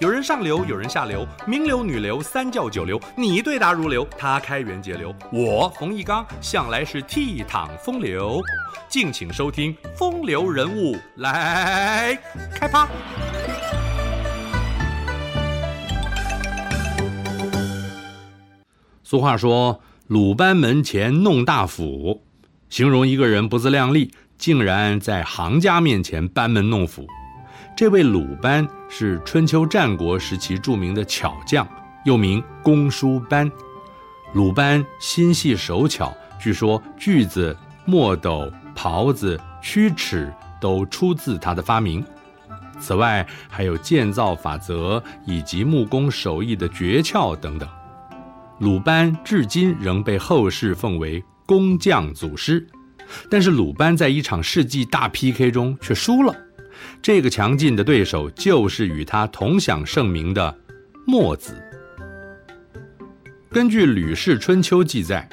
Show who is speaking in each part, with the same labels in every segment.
Speaker 1: 有人上流，有人下流，名流、女流、三教九流，你對答如流，他開源節流，我馮翊綱向來是倜儻風流。敬請收聽《風流人物》來，來開趴。俗話說“魯班門前弄大斧”，形容一個人不自量力，竟然在行家面前班門弄斧。這位魯班。是春秋戰國時期著名的巧匠，又名公輸班、魯班。心細手巧，據說鋸子、墨斗、刨子、曲尺都出自他的發明。此外，還有建造法則以及木工手藝的訣竅等等。魯班至今仍被後世奉為工匠祖師，但是魯班在一場世紀大 PK 中卻輸了。這個強勁的對手就是與他同享盛名的墨子。根據《呂氏春秋》記載，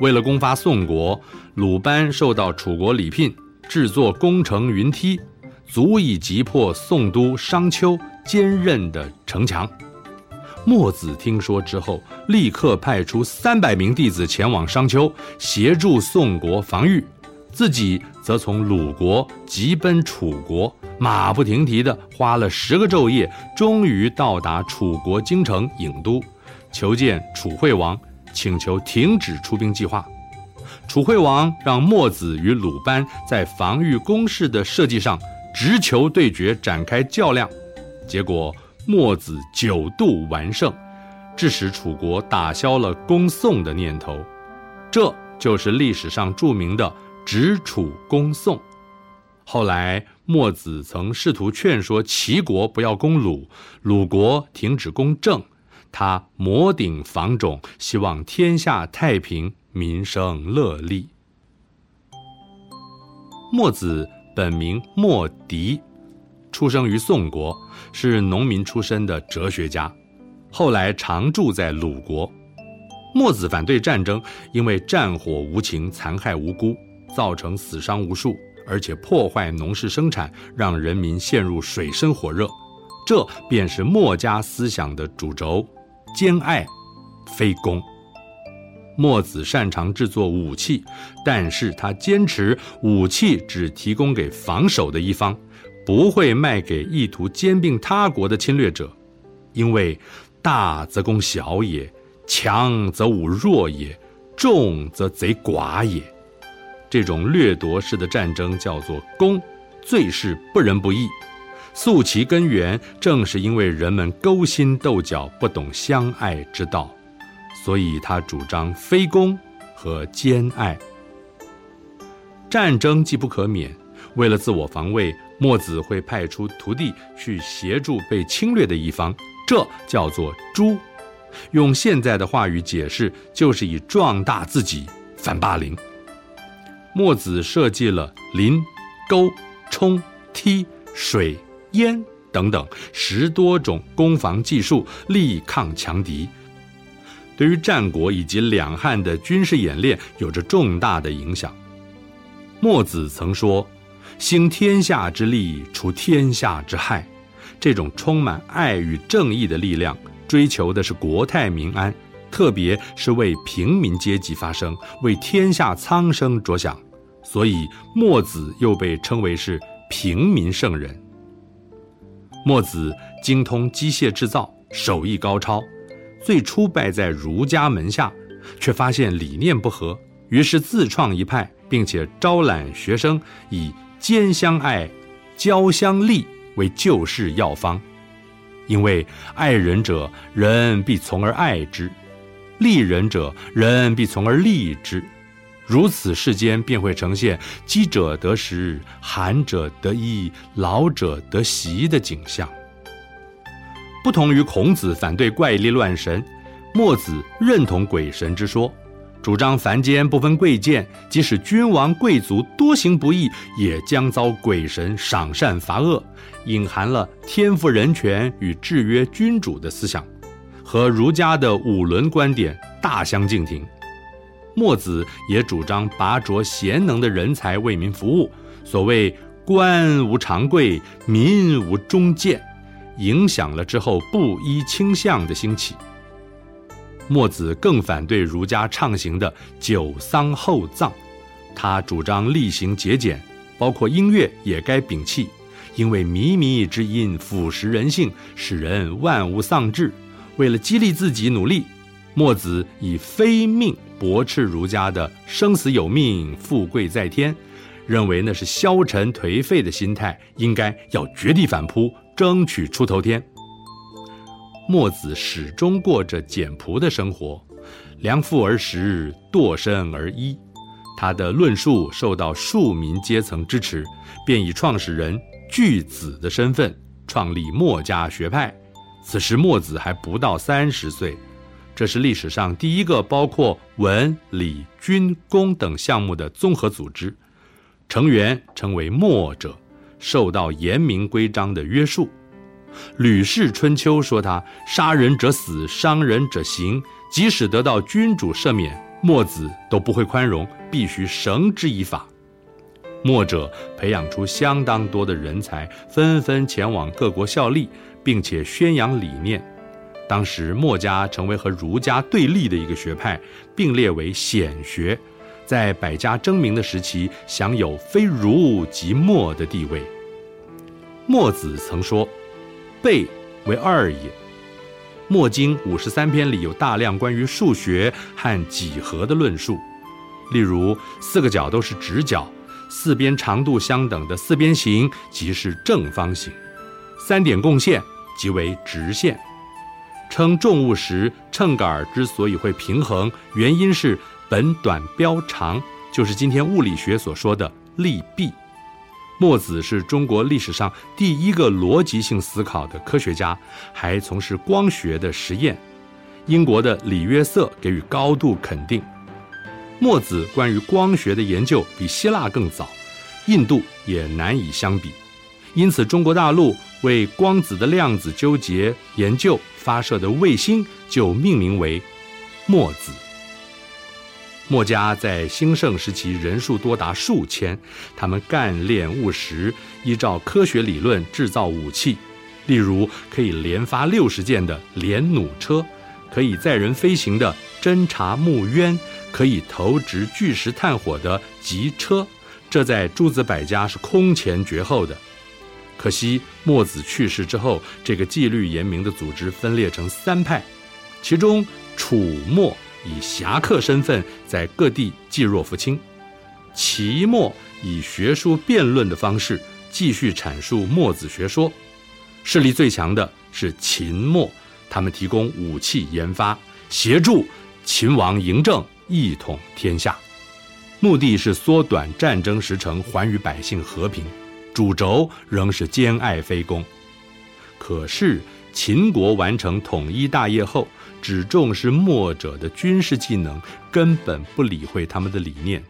Speaker 1: 為了攻伐宋國，魯班受到楚國禮聘，制作攻城雲梯，足以擊破宋都商丘堅韌的城牆。墨子聽說之後，立刻派出三百名弟子前往商丘，協助宋國防禦。自己則從魯國急奔楚國，馬不停蹄地花了十個晝夜，終於到達楚國京城郢都，求見楚惠王，請求停止出兵計劃。楚惠王讓墨子與魯班在防禦工事的設計上直球對決，展開較量，結果墨子九度完勝，致使楚國打消了攻宋的念頭。這就是歷史上著名的。直楚攻宋。後來墨子曾試圖勸說齊國不要攻魯，魯國停止攻鄭。他摩頂放踵，希望天下太平，民生樂利。墨子本名墨翟，出生於宋國，是農民出身的哲學家，後來常住在魯國。墨子反對戰爭，因為戰火無情，殘害無辜，造成死傷無數，而且破壞農事生產，讓人民陷入水深火熱。這便是墨家思想的主軸：兼愛、非攻。墨子擅長制作武器，但是他堅持武器只提供給防守的一方，不會賣給意圖兼併他國的侵略者，因為大則攻小也，強則侮弱也，眾則賊寡也。這種掠奪式的戰爭叫做攻，最是不仁不義。溯其根源，正是因為人們勾心鬥角，不懂相愛之道，所以他主張非攻和兼愛。戰爭既不可免，為了自我防衛，墨子會派出徒弟去協助被侵略的一方，這叫做誅。用現在的話語解釋，就是以壯大自己，反霸凌。墨子設計了臨、鉤、衝、梯、水、堙等等十多種攻防技術，力抗強敵。對於戰國以及兩漢的軍事演練有着重大的影響。墨子曾說：“興天下之利，除天下之害。”這種充滿愛與正義的力量，追求的是國泰民安。特別是為平民階級發聲，為天下蒼生着想，所以墨子又被稱為是平民聖人。墨子精通機械製造，手藝高超。最初拜在儒家門下，卻發現理念不合，於是自創一派，並且招攬學生，以兼相愛、交相利為救世藥方。因為愛人者，人必從而愛之。利人者，人必從而利之。如此，世間便會呈現飢者得食、寒者得衣、老者得息的景象。不同於孔子反對怪力亂神，墨子認同鬼神之說，主張凡間不分貴賤，即使君王貴族多行不義，也將遭鬼神賞善罰惡，隱含了天賦人權與制約君主的思想。和儒家的五倫觀點大相徑庭，墨子也主張拔擢賢能的人才為民服務。所謂“官無常貴，民無終賤”，影響了之後布衣卿相的興起。墨子更反對儒家倡行的久喪厚葬，他主張厲行節儉，包括音樂也該摒棄，因為靡靡之音腐蝕人性，使人萬物喪志。為了激勵自己努力，墨子以“非命”駁斥儒家的“生死有命，富貴在天”，認為那是消沉頹廢的心態，應該要絕地反撲，爭取出頭天。墨子始終過着簡樸的生活，量腹而食，度身而衣。他的論述受到庶民階層支持，便以創始人巨子的身份創立墨家學派。此時墨子還不到三十歲，這是歷史上第一個包括文、禮、軍、工等項目的綜合組織，成員稱為墨者，受到嚴明規章的約束。《呂氏春秋》說他殺人者死，傷人者刑，即使得到君主赦免，墨子都不會寬容，必須繩之以法。墨者培養出相當多的人才，紛紛前往各國效力，並且宣揚理念。當時墨家成為和儒家對立的一個學派，並列為顯學，在百家爭鳴的時期享有非儒即墨的地位。墨子曾說：“倍為二也。”《墨經》五十三篇裡有大量關於數學和幾何的論述，例如四個角都是直角。四邊長度相等的四邊形即是正方形，三點共線即為直線。稱重物時，秤桿之所以會平衡，原因是本短標長，就是今天物理學所說的力臂。墨子是中國歷史上第一個邏輯性思考的科學家，還從事光學的實驗。英國的李約瑟給予高度肯定。墨子關於光學的研究比希臘更早，印度也難以相比，因此中國大陸為光子的量子糾結研究發射的衛星就命名為墨子。墨家在興盛時期人數多達數千，他們幹練務實，依照科學理論製造武器，例如可以連發六十箭的連弩車，可以載人飛行的。偵查木鳶可以投擲巨石、炭火的機車，這在諸子百家是空前絕後的。可惜墨子去世之後，這個紀律嚴明的組織分裂成三派，其中楚墨以俠客身份在各地濟弱扶傾，齊墨以學術辯論的方式繼續闡述墨子學說，勢力最強的是秦墨，他們提供武器研發，協助。秦王嬴政一統天下，目的是縮短戰爭時程，還與百姓和平。主軸仍是兼愛非攻。可是秦國完成統一大業後，只重視墨者的軍事技能，根本不理會他們的理念。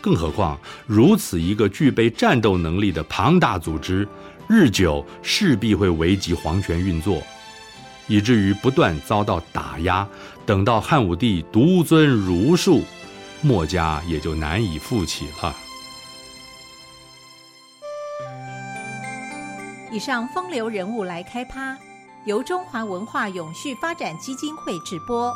Speaker 1: 更何況，如此一個具備戰鬥能力的龐大組織，日久勢必會危及皇權運作，以至於不斷遭到打壓。等到漢武帝獨尊儒術，墨家也就難以復起了。以上風流人物來開趴，由中華文化永續發展基金會直播。